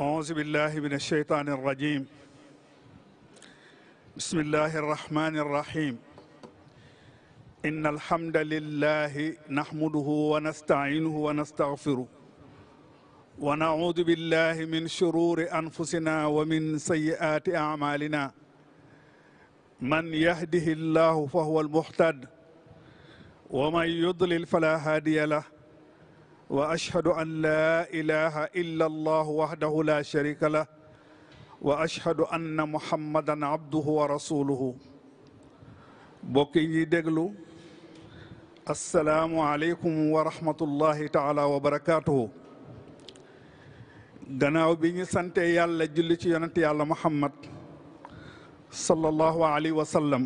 أعوذ بالله من الشيطان الرجيم بسم الله الرحمن الرحيم إن الحمد لله نحمده ونستعينه ونستغفره ونعوذ بالله من شرور أنفسنا ومن سيئات أعمالنا من يهده الله فهو المحتد ومن يضلل فلا هادي له واشهد ان لا اله الا الله وحده لا شريك له واشهد ان محمدا عبده ورسوله bokki ñi déglu asalaamu aleykum wa rahmatullahi taala wa barakaatuhu gannaaw bi ñu sante yàlla julli ci yonent yàlla muhammad sallallahu alayhi wa sallam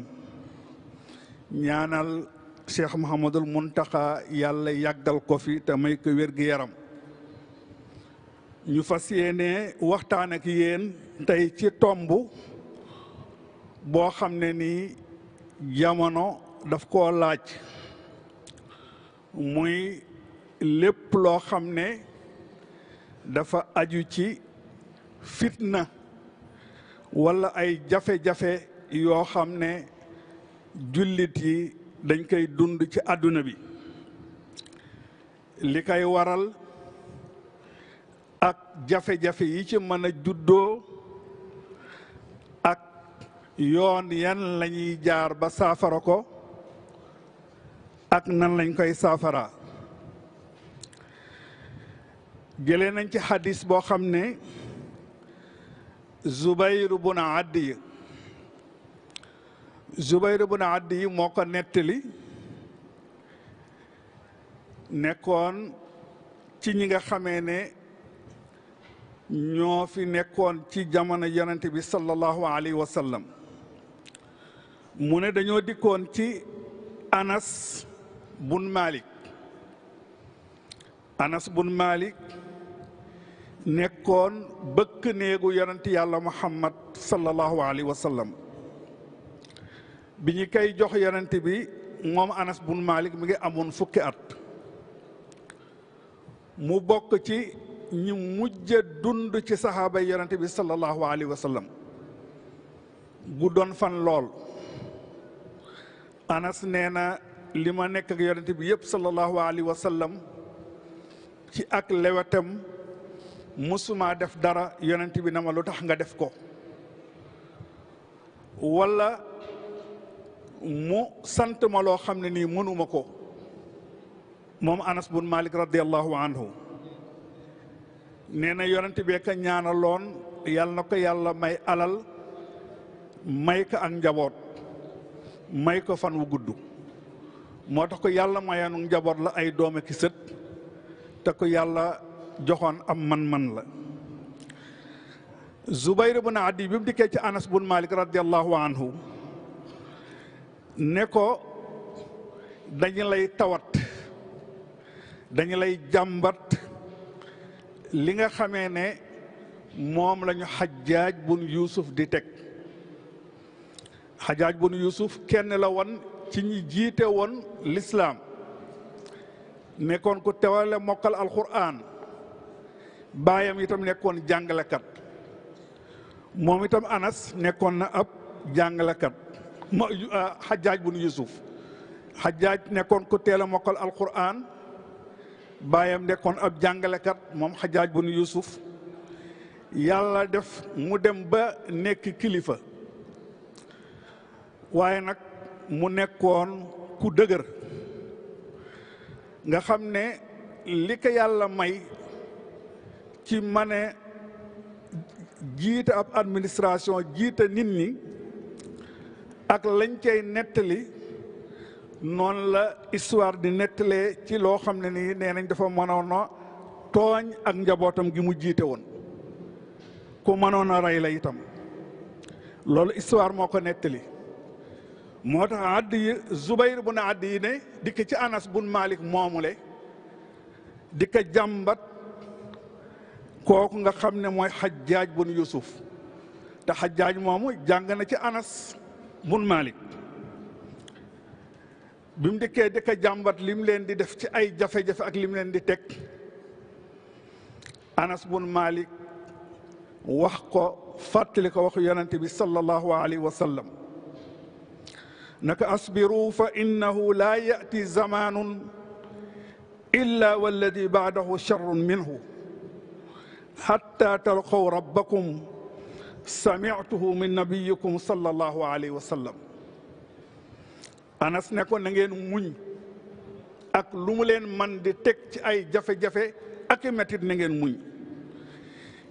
ñaanal cheikh Mouhamadul Muntaxa yàlla yàggal ko fi te may ko wér-gu-yaram ñu fas yéene waxtaanak ak yéen tey ci tomb boo xam ne ni jamono daf ko laaj muy lépp loo xam ne dafa aju ci fitna wala ay jafe-jafe yoo xam ne jullit yi dañ koy dund ci àdduna bi li koy waral ak jafe-jafe yi ci mën a juddoo ak yoon yan lañuy jaar ba saafara ko ak nan lañ koy saafara jëlee nañ ci xadis boo xam ne Zubayru bun Addi Zubayru bu na àddi moo ko nettali nekkoon ci ñi nga xamee ne ñoo fi nekkoon ci jamono yonente bi sallallahu alayhi wa mu ne dañoo dikkoon ci Anas bun Malik Anas bun Malik nekkoon bëkk néegu yonent yàlla Muhammad sallallahu alayhi wa bi ñu koy jox yonent bi moom Anas bun Malik mi ngi amoon fukki at mu bokk ci ñu mujj dund ci saxaaba yonent bi sallallahu alayhi wa sallam doon fan lool Anas nee na li ma nekk ak yonent bi yëpp sallallahu alayhi wa sallam ci ak lewetam musuma def dara yonent bi na ma lu tax nga def ko wala. mu sant ma loo xam ne nii mënuma ko moom anas bun malik radiallahu anhu nee na yonent bi ka ñaanaloon yàlla na ko yàlla may alal may ko ak njaboot may ko fan wu gudd moo tax ko yàlla mayoon njaboot la ay doome ki sët te ko yàlla joxoon am man-man la Zubayr bun Adi bi mu dikkee ci Anas bun Malik radiallahu anhu ne ko lay tawat dañ lay jàmbat li nga xamee ne moom lañu xajaaj bun yuusuf di teg xajaaj bun yuusuf kenn la woon ci ñi jiite woon lislaam nekkoon ku tewale mokkal alquran baayam itam nekkoon jàngalekat moom itam anas nekkoon na ab jàngalekat xajjaaj euh, bun yusuf xajjaaj nekkoon ku teel a mokkal alquran nekkoon ab jàngalekat moom xajjaaj bun yusuf yàlla def mu dem ba nekk kilifa waaye nag mu nekkoon ku dëgër nga xam ne li ko yàlla may ci mane jiite ab administration jiita nit ñi ak lañ cay nettali noon la histoire di nettalee ci loo xam ne nii nee nañ dafa mënoon a tooñ ak njabootam gi mu jiite woon ku mënoon a rey la itam loolu histoire moo ko nettali moo tax àdd yi Zubayr bu na àdd yi ne dikk ci Anas bun Malik moomule di ko jàmbat kooku nga xam ne mooy xajjaaj bun Yusuf te xajjaaj moomu jàng na ci Anas mun Malick bi mu dikkee dëkk jàmbat lim leen di def ci ay jafe-jafe ak lim leen di teg Anas bun Malik wax ko fàttali ko waxu yonente bi sallallahu alayhi wa sallam naka asbiru fa innahu laa ya'ti zamanun illa walladi ba'dahu sharrun minhu hatta talqaw rabbakum sami'tuhu min nabiyikum sallallahu alayhi wa sallam anas nekkoon ko na ngeen muñ ak lu mu leen man di teg ci ay jafe-jafe ak i metit na ngeen muñ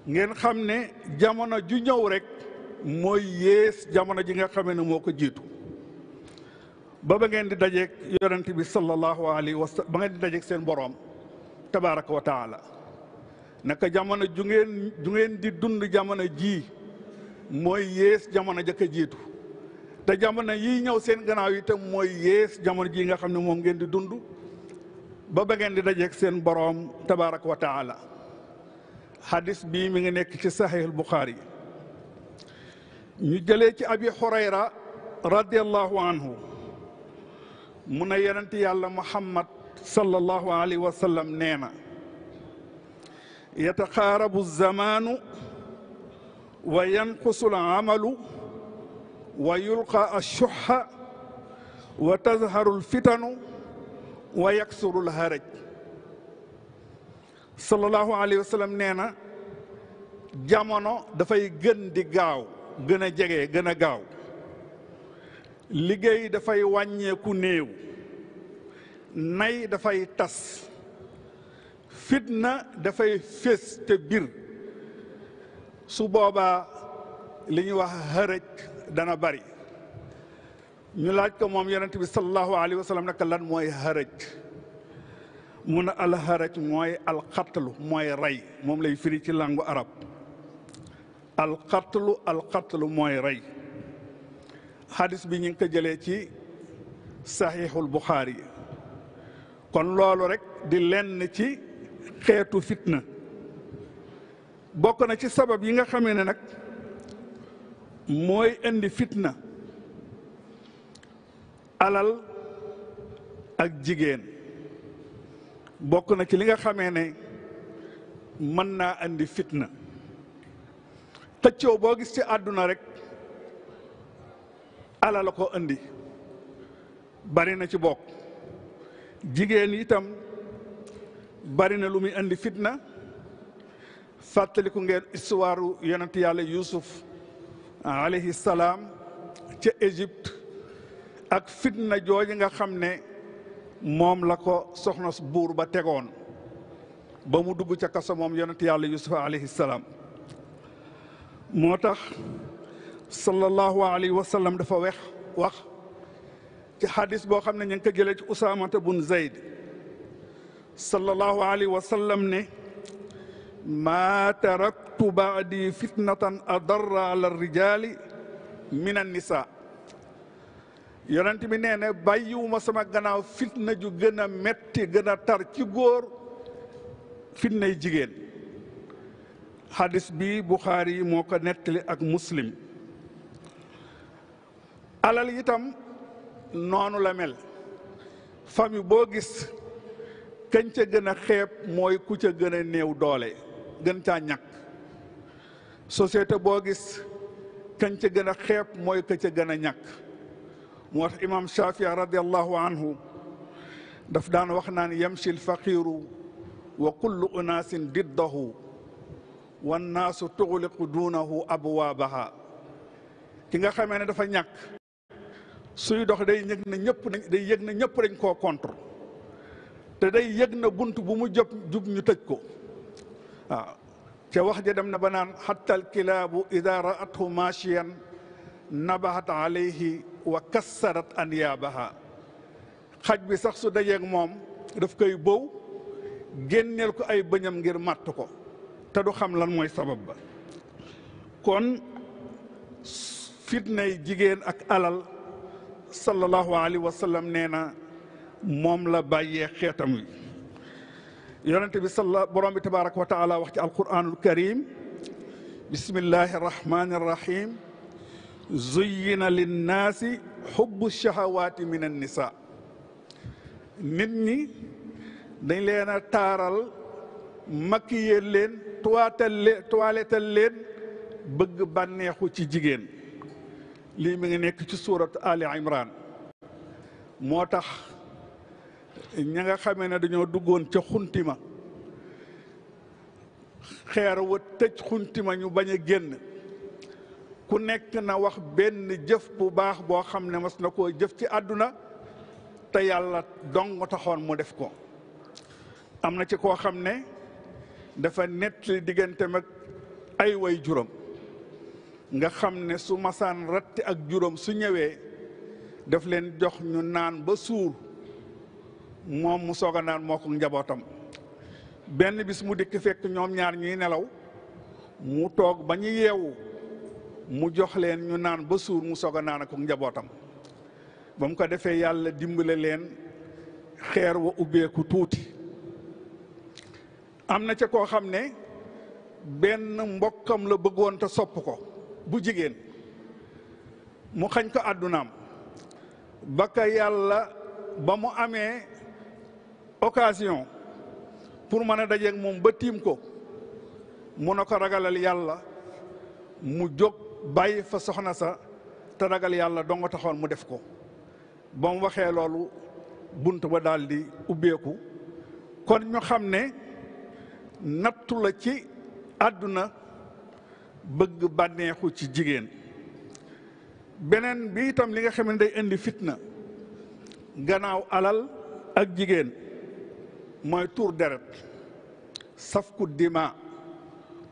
ngeen xam ne jamono ju ñëw rek mooy yées jamono ji nga xamee ne moo ko jiitu ba ba ngeen di dajeeg yonent bi sallallahu alayhi wa sallam ba ngeen di dajeeg seen boroom tabaraka wa taala naka jamono ju ngeen ngeen di dund jamono jii mooy yées jamono jëkk jiitu te jamono yi ñëw seen gannaaw itam mooy yées jamono jii nga xam ne moom ngeen di dund ba ba ngeen di dajeek seen boroom tabaaraka wa taala hadis bii mi ngi nekk ci saxiixul Buxaari ñu jële ci abi Hurayra radiyallahu anhu mu ne yonent yàlla Muhammad sallallahu alayhi wa sallam nee na yataxaarabu zamaanu wa yanqusu al amalu wa yulqa ashuxa wa tazharu alfitanu wa yaksuru alharaj sallallahu alayhi wa sallam nee na jamono dafay gën di gaaw gën a jege gën gaaw liggéey dafay wàññeeku néew nay dafay tas fitna dafay fés te bir su boobaa li ñuy wax xërëj dana bari ñu laaj ko moom yonent bi sallallahu alayhi wa sallam lan mooy xërëj mun a alxaraj mooy alxatlu mooy rey moom lay firi ci langue arab alxatlu alxatlu mooy rey xadis bi ñu ngi ko jëlee ci saxiixul buxaari kon loolu rek di lenn ci xeetu fitna bokk na ci sabab yi nga xame ne nag mooy indi fitna alal ak jigéen bokk na ci li nga xamee ne mën naa indi fitna tëccoo boo gis ci àdduna rek alal a ko indi bari na ci bokk jigéen itam bari na lu muy indi fitna fàttaliku ngeen histoire yonent yàlla Yuusuf alayhi salaam ci Égypte ak fitna jooju nga xam ne moom la ko soxna buur ba tegoon ba mu dugg ca kaso moom yonent yàlla Yuusuf alayhi salaam moo tax sallallahu alayhi wa sallam dafa wex wax ci xadis boo xam ne ñu ngi ko jëlee ci Usaamata bun Zayd sallallahu alayhi wa sallam ne. maa taraktu baadi fitnatan adarra ala rijaali min annisa yonent bi nee na sama gannaaw fitna ju gën metti gën tar ci góor fitnay jigéen xadis bi buxaari yi moo ko nettali ak muslim alal itam noonu la mel famille boo gis kañ ca gën a xeeb mooy ku ca gën a néew doole gën caa ñàkk société boo gis kañ ca gën a mooy ka ca gën a ñàkk moo tax imam shafia radiallahu anhu daf daan wax naan yamshi alfaqiru wa kullu unaasin diddahu wannaasu tuxliqu duunahu abwaabaha ki nga xamee ne dafa ñàkk suy dox day yëg na ñëpp day yëg na ñëpp dañ koo contre te day yëg na bunt bu mu jëp jub ñu tëj ko waaw ah. ca wax ja dem na ba naan xatta alkilaabu ida raathu machiyan nabahat alayhi wa kassarat aniyaabaha xaj bi sax su dajeeg moom daf koy bow génneel ko ay bëñam ngir màtt ko te du xam lan mooy sabab ba kon fitnay jigéen ak alal sallallahu alayhi wa sallam nee na moom la bàyyee xeetam wi yonente bi salla borom bi tabaraka wa taala wax ci alquranul karim bismillahi arrahmani arrahim zuyyina linnaasi xubbu shahawaati min annisa nit ñi dañ leen a taaral maquiller leen toital leen bëgg bànneexu ci jigéen lii mi ngi nekk ci suurat Ali Imran moo tax ña nga xamee ne dañoo duggoon ca xuntima xeer wa tëj xuntima ñu bañ génn ku nekk na wax benn jëf bu baax boo xam ne mas na koo jëf ci àdduna te yàlla dong taxoon mu def ko am na ci koo xam ne dafa nettali diggante mag ay way juróom nga xam ne su masaan ratt ak juróom su ñëwee daf leen jox ñu naan ba suur moom mu soog a naan moo ko njabootam benn bis mu dikk fekk ñoom ñaar ñuy nelaw mu toog ba ñu yeewu mu jox leen ñu naan ba suur mu soog a naan ak njabootam ba mu ko defee yàlla dimbale leen xeer wa ubbeeku tuuti am na ca koo xam ne benn mbokkam la bëggoon te sopp ko bu jigéen mu xañ ko àddunaam ba ka yàlla ba mu amee occasion pour mën a dajeeg moom ba tiim ko mu na ko ragalal yàlla mu jóg bàyyi fa soxna sa te ragal yàlla dong taxoon mu def ko ba waxee loolu bunt ba daldi di ubbeeku kon ñu xam ne nattu la ci àdduna bëgg bànneexu ci jigéen beneen bi itam li nga xam ni day indi fitna gannaaw alal ak jigéen mooy tuur deret safku dima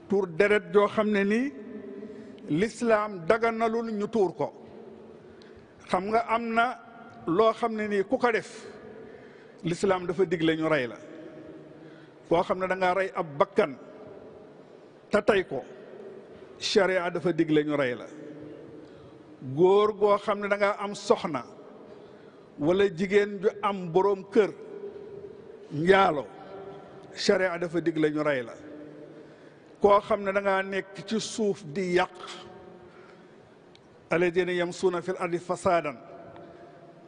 tuur deret joo xam ne nii lislaam daganalul ñu tuur ko xam nga am na loo xam ne nii ku ko def lislaam dafa digle ñu rey la koo xam ne da rey ab bakkan te tey ko sharia dafa digle ñu rey la góor goo xam ne danga am soxna wala jigéen ju am boroom kër njaalo sharia dafa dig la ñu rey la koo xam ne danga nekk ci suuf di yàq yam suuna fii ardi fasaadan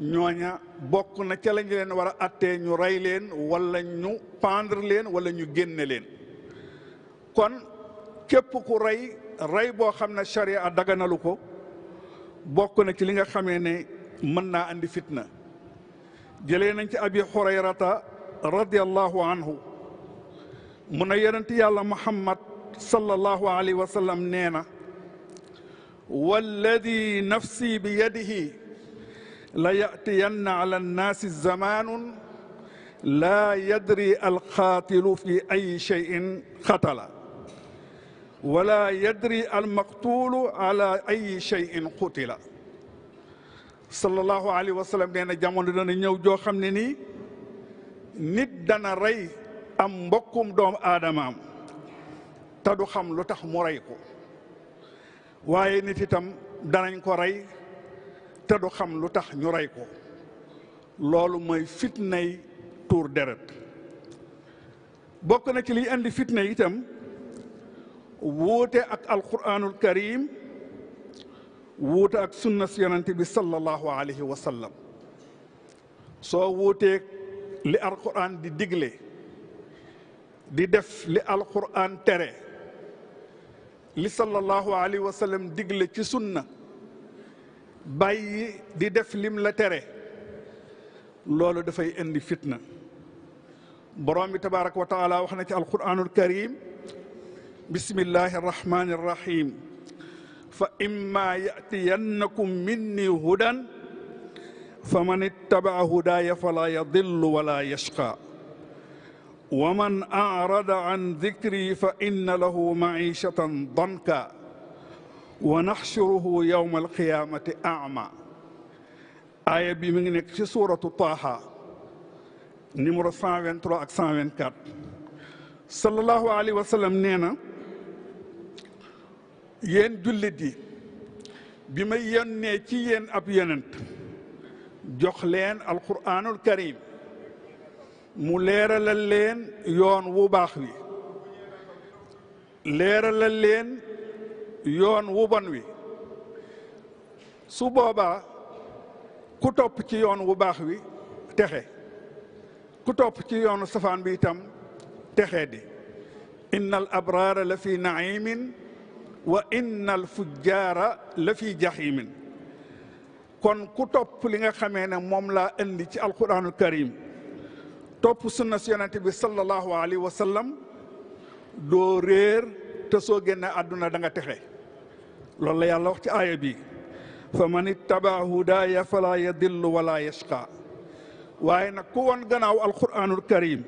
ñooña bokk na ca lañ leen war a ñu rey leen wala ñu pendre leen wala ñu génne leen kon képp ku rey rey boo xam ne sharia daganalu ko bokk na ci li nga xame ne mën naa andi fitna jëlee nañ ci abi xurayrata radiallahu anhu mu ne yonent yàlla muhammad sallallahu alayhi wa sallam nee na walladi nafsi bi yadihi la yatiyanna ala annaasi zamanun laa yadri alqaatilu fi ay cheyin xatala wala yadri almaqtulu ala ay cheyin qutila sallallahu alayhi wa sallam nee na jamono dana ñëw joo xam ne nii nit dana ray am mbokkum doomu aadamaam te du xam lu tax mu ko waaye nit itam danañ ko rey te du xam lu tax ñu rey ko loolu mooy fitnay tuur deret bokk na ci liy andi fitna itam wuute ak alquranul karim wuute ak sunna si yonente bi sallallahu alayhi wa soo wuuteeg li alquran di digle di def li alquran tere li sallallahu alayhi wa digle ci sunna bàyyi di def lim la tere loolu dafay indi fitna borom bi tabaaraka wa taala wax na ci alquranul karim bismillahi arrahmani arrahim fa imma yatiyannakum minni hudan فمن اتبع هداي فلا يضل ولا يشقى ومن أعرض عن ذكري فإن له معيشة ضنكا ونحشره يوم القيامة أعمى aaya bi mi ngi nekk ci suuratu Taaha numéro 123 ak 124 sallallahu alayhi wa sallam nee na yéen jullit yi bi may yónnee ci yéen ab yonent jox leen alquranul karim mu leeralal leen yoon wu baax wi leeralal leen yoon wu bon wi su boobaa ku topp ci yoon wu baax wi texe ku topp ci yoonu safaan bi itam texe di inna al abraara la fi naimin wa inna al fujjaara la fi jahimin kon ku topp li nga xamee ne moom laa indi ci alquranul karim topp sunna si yonente bi sallallahu alayhi wa sallam doo réer te soo génne àdduna danga nga texe loolu la yàlla wax ci aaya bi fa man ittaba hudaaya fala yadillu wala yashqa waaye nag ku woon gannaaw alquranul karim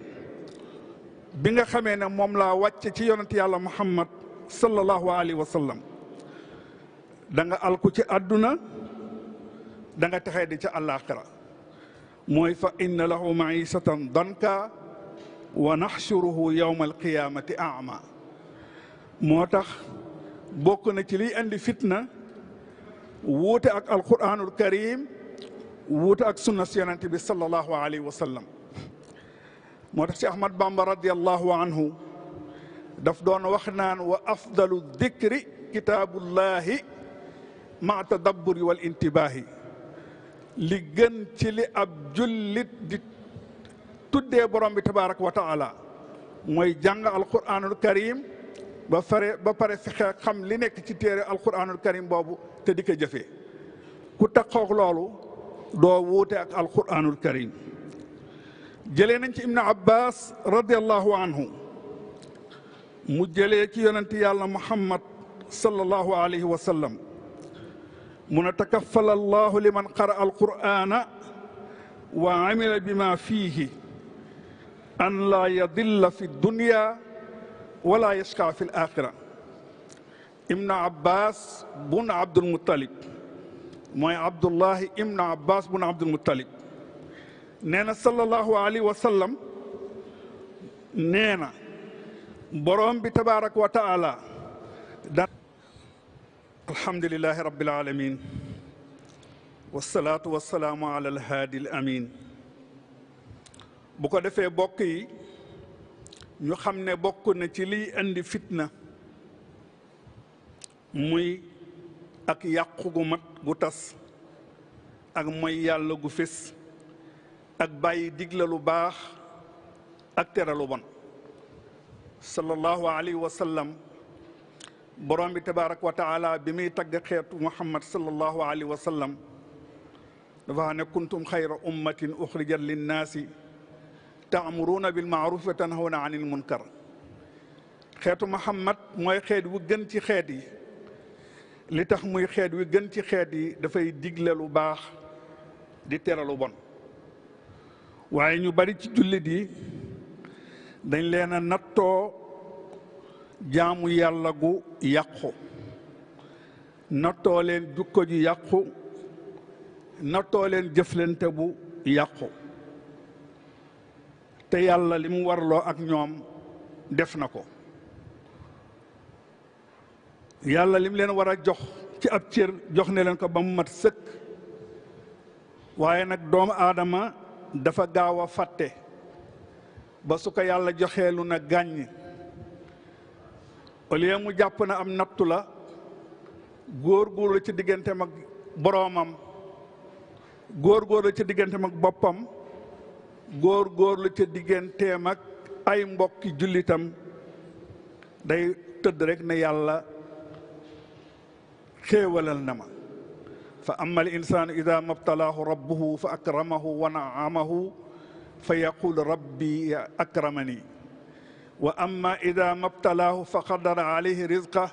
bi nga xamee ne moom la wàcce ci yonent yàlla muhammad sallallahu alayhi wa sallam da alku ci àdduna da nga texee di ca àllaaxira mooy fa inna lahu maisatan danka wa naxsuruhu yowma alqiyaamati ama moo tax bokk na ci liy andi fitna wuute ak alquranul karim wuute ak sunna si yonent bi sallallahu alayhi wa sallam moo tax si Ahmad Bamba radiallahu anhu daf doon wax naan wa afdalu dikri kitaabullahi ma tadabburi wal intibaahi li gën ci li ab jullit di tuddee borom bi tabaaraka wa taala mooy jàng alquranul karim ba pare ba fexe xam li nekk ci téere alquranul karim boobu te di ko jëfee ku taxaw loolu doo wuute ak alquranul karim jëlee nañ ci ibnu abbas radiallahu anhu mu jële ci yonent yàlla muhammad sallallahu alayhi wa salam mun a takaffala allahu liman qara alqur'ana wa amila bima fiihi an laa yadilla fi dunya wala yashqa fi alaxira ibnu abbas bun abdulmutalib mooy abdullahi ibnu abbas bun abdulmutalib nee na sallallahu alayhi wa sallam nee na boroom bi tabaraka wa taala da alhamdulilahi rabbil alamin wasalaatu wasalaamu ala alhaadi al amin bu ko defee bokk yi ñu xam ne bokk na ci liy indi fitna muy ak yàqu gu mat gu tas ak moy yàlla gu fés ak bàyyi digla lu baax ak teralu lu bon sallallahu alayhi wa sallam borom bi tabarak wa taala bi muy tagg xeetu muhammad sallallahu alayhi wa sallam dafa ne kuntum xayra ummatin uxrijat linnaasi taamuruuna bilmaaruf wa tanhawna an il xeetu muhammad mooy xeet wu gën ci xeet yi li tax muy xeet wi gën ci xeet yi dafay digle lu baax di teralu lu bon waaye ñu bari ci jullit yi dañ leen a jaamu yàlla gu yàqu nattoo leen jukko yàqu nattoo leen jëflante bu yàqu te yàlla li warloo ak ñoom def na ko yàlla lim leen war a jox ci ab cër jox ne leen ko ba mu mat sëkk waaye nag doomu aadama dafa gaaw a fàtte ba su ko yàlla joxeelu na gàññ au lieu mu jàpp na am nattu la góor-góor la ci digganteem ak boroomam góor-góor la ci digganteem ak boppam góor-góor la ci digganteem ay mbokki jullitam day tëdd rek ne yàlla xéewalal na ma fa ama al insaanu ida mabtalaahu rabbuhu fa akramahu wa naamahu fa yaqul rabbi akramani wa amma ida mabtalaahu fa qadara alayhi rizqa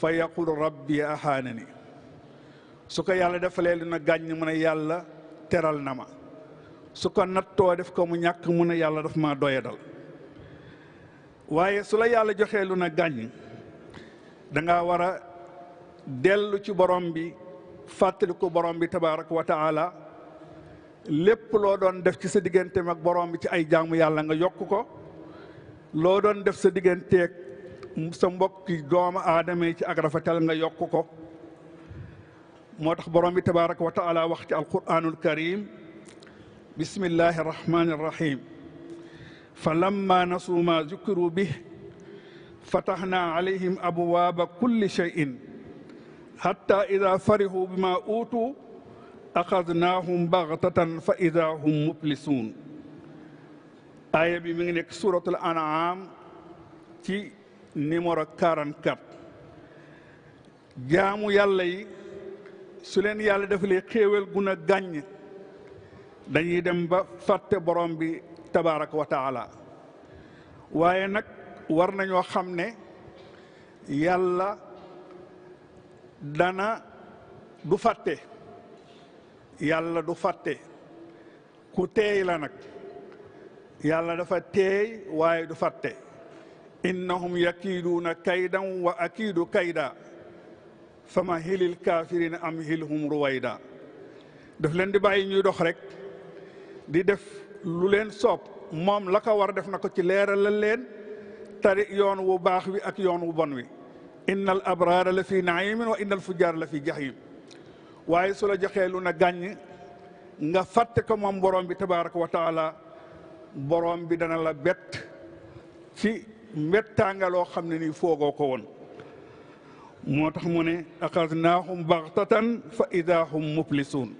fa yaqul rabbi ahaanani su ko yàlla defalee lu na gàññ mu ne yàlla teral na ma su ko nattoo def ko mu ñàkk mu ne yàlla def ma doyadal waaye su la yàlla joxee lu na gàññ danga war a dellu ci borom bi fàttali ko borom bi tabaaraka wa taala lépp loo doon def ci sa diggante mag borom bi ci ay jaamu yàlla nga yokk ko loo doon def sa digganteeg sa mbokki doomu aadama yi ci ak rafetal nga yokk ko moo tax borom bi tabaraka wax ci alquranul karim bismillahi arrahmani arrahim fa lamma nasuu ma zukiru bih fataxna alayhim abwaaba kulli cheyin xatta ida farihu bima uutu axadnaahum baxtatan fa ida hum aaya bi mi ngi nekk suuratul anaam ci numéro 44 jaamu yàlla yi su leen yàlla defalee xéewal gun a gàññ dañuy dem ba fàtte borom bi tabaaraka wa taala waaye nag war nañoo xam ne yàlla dana du fàtte yàlla du fàtte ku teey la nag yàlla dafa teey waaye du fàtte innahum yakiiduuna kaydan wa akiidu kayda fa ma hilil kaafirina am hilhum ruwayda daf leen di bàyyi ñuy dox rek di def lu leen soob moom la war def na ko ci leeralal leen tari yoon wu baax wi ak yoon wu bon wi innal abraara la fi naimin wa innal fujaar la fi jahim waaye su la joxee lu na gàññ nga fàtte ko moom borom bi tabaraka wa taala boroom bi dana la bett ci mbettaanga loo xam ne nii foogoo ko woon moo tax mu ne axasnaahum baxtatan fa ida hum muflisuun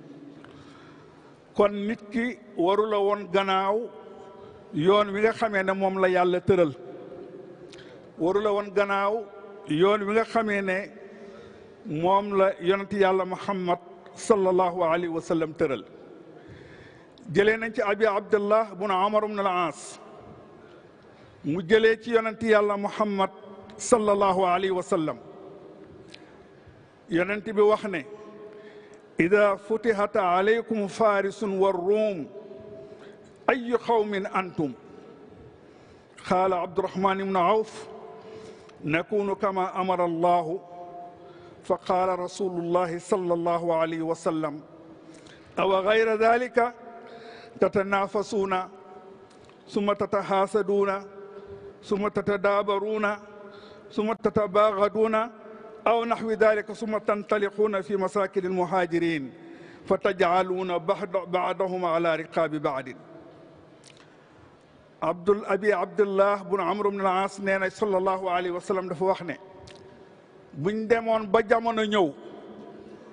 kon nit ki warula la woon gannaaw yoon wi nga xame ne moom la yàlla tëral warula la woon gannaaw yoon wi nga xamee ne moom la yonent yàlla muhammad sallallahu alayhi wa sallam tëral jëlee nañ ci abi abdullah bun amar bn al aas mu jëlee ci yonent yàlla muhammad sallallahu alayhi wa sallam yonent bi wax ne ida futihat alaykum farisun wa ruum ayu qawmin antum qaala abdurahman ibnu awf nakunu kama amara allahu fa qaala rasulullahi sallallahu alayhi wa sallam aw gayra dalika tatanafasuuna summa tataxaasaduuna summa tatadaabaruuna summa tatabaaxaduuna aw naxwi dalika summa tantalixuuna fi masakini almuhaajirin fa tajcaluuna baadahum ala riqaabi baadin abdul abi abdullah bun amr bn alaas nee na sallallahu alayhi wa sallam dafa wax ne buñ demoon ba jamono ñëw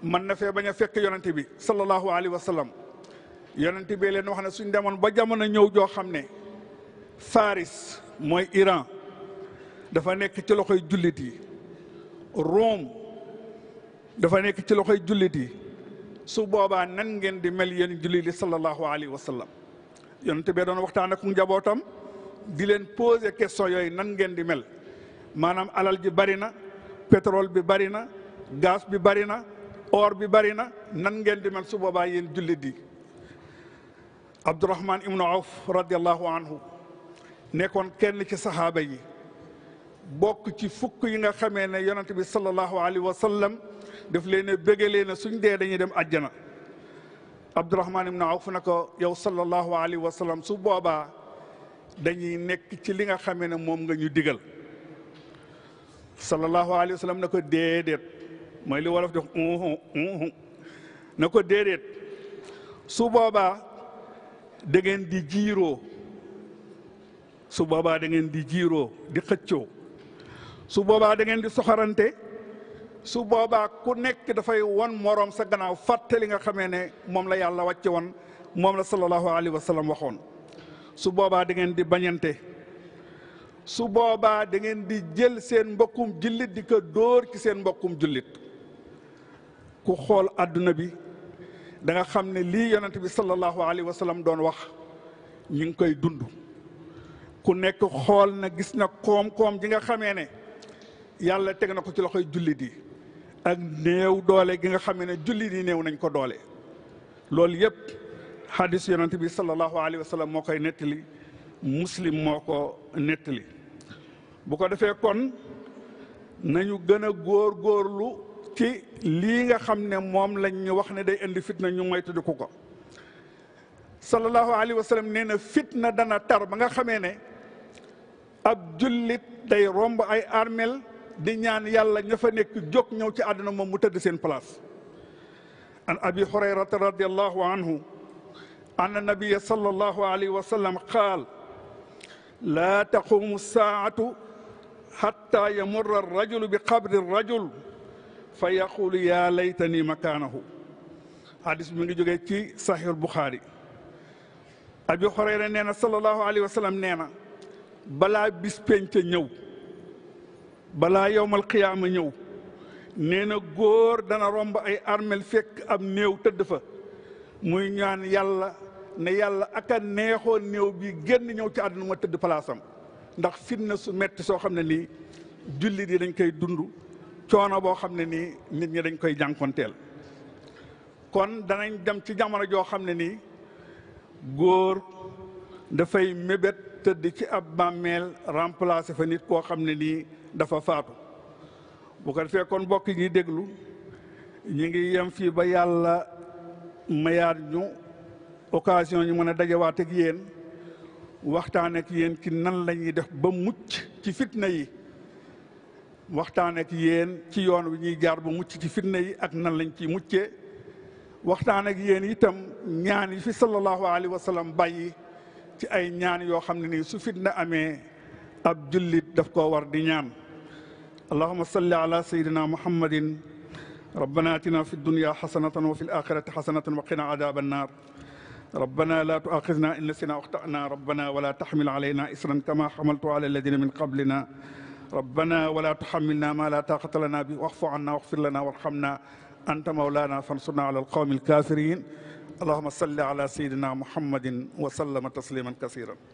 mën na fee bañ a fekk yonente bi sallallahu alayhi wa sallam yonent bi leen wax ne suñ demoon ba jamono ñëw joo xam ne faris mooy Iran dafa nekk ci loxoy jullit yi Rome dafa nekk ci loxoy jullit yi su boobaa nan ngeen di mel yéen jullit yi sallallahu alayhi wa sallam yonent bi doon waxtaan ak njabootam di leen poser question yooyu nan ngeen di mel maanaam alal ji bari na pétrole bi bari na gaz bi bari na or bi bari na nan ngeen di mel su boobaa yéen jullit yi abdurahman ibnu awf radiallahu anhu nekkoon kenn ci saxaaba yi bokk ci fukk yi nga xamee ne yonent bi salallahu alayhi wa sallam daf leen a bégalee na suñ dee dañuy dem àjjana abdurahman ibnu awf na ko yow salallahu alayhi wa su booba dañuy nekk ci li nga xamee na moom nga ñu digal salallahu alayhi wa na ko déedéet mooy li wolof def uhu uhu na ko déedéet su boobaa dangeen di jiiroo su boobaa da ngeen di jiiroo di xëccoo su boobaa da ngeen di soxarante su boobaa ku nekk dafay won moroom sa gannaaw fàtte li nga xamee ne moom la yàlla wàcce woon moom la sallallahu alayhi wa sallam waxoon su boobaa da ngeen di bañante su boobaa da ngeen di jël seen mbokkum jullit di ko dóor ci seen mbokkum jullit ku xool àdduna bi danga xam ne lii yonent bi sallallahu alayhi wa sallam doon wax ñu ngi koy dund ku nekk xool na gis na koom-koom ji nga xamee ne yàlla teg na ko ci loxoy jullit yi ak néew doole gi nga xamee ne jullit yi néew nañ ko doole loolu yëpp xadis yonent bi sallallahu alayhi wa sallam moo koy nettali muslim moo ko nettali bu ko defee kon nañu gën a góor góorlu ci lii nga xam ne moom lañ ñu wax ne day indi fitna ñu moytandiku ko sallallahu alayhi wa sallam nee na fitna dana tar ba nga xamee ne ab jullit day romb ay armel di ñaan yàlla ña nekk jóg ñëw ci àdduna moom mu tëdd seen place an abi hurayrata radiallahu anhu anna nabiyya sallallahu alayhi wa sallam qaal laa taqumu saatu xatta yamurra arrajulu bi qabri arrajul fa yaqulu yaa laytani makaanahu hadis mi ngi jógee ci saxiixul buxaari abi xoreyra nee na sallallahu alayhi wa sallam nee na balaa bis pénc ñëw balaa yowmal qiyaama ñëw nee na góor dana romb ay armel fekk am néew tëdd fa muy ñaan yàlla ne yàlla ak a neexoo néew bi génn ñëw ci àdduna ma tëdd palaasam ndax fitna su metti soo xam ne nii jullit yi dañ koy dund coono boo xam ne nii nit ñi dañ koy jànkonteel kon danañ dem ci jamono joo xam ne nii góor dafay mébét tëdd ci ab bàmmeel remplacer fa nit koo xam ne nii dafa faatu bu ko defee kon mbokk yi déglu ñu ngi yem fii ba yàlla mayaat ñu occasion ñu mën a dajawaat ak yéen waxtaan ak yéen ci nan lañuy def ba mucc ci fitna yi waxtaan ak yéen ci yoon wi ñuy jaar bu mucc ci fitna yi ak nan lañ ci muccee waxtaan ak yéen itam ñaan yi fi sallallahu alayhi wa sallam bàyyi ci ay ñaan yoo xam ne nii su fitna amee ab jullit daf koo war di ñaan allahuma salli ala sayidina muhammadin rabbana atina fi dunya xasanatan wa fi alaxirati xasanatan wa qina adaba annar ربنا لا تؤاخذنا إن نسينا أخطأنا ربنا ولا تحمل علينا إصرا كما حملت على الذين من قبلنا ربنا ولا تحملنا ما لا طاقة لنا به واعف عنا واغفر لنا وارحمنا أنت مولانا فانصرنا على القوم الكافرين اللهم صل على سيدنا محمد وسلم تسليما كثيرا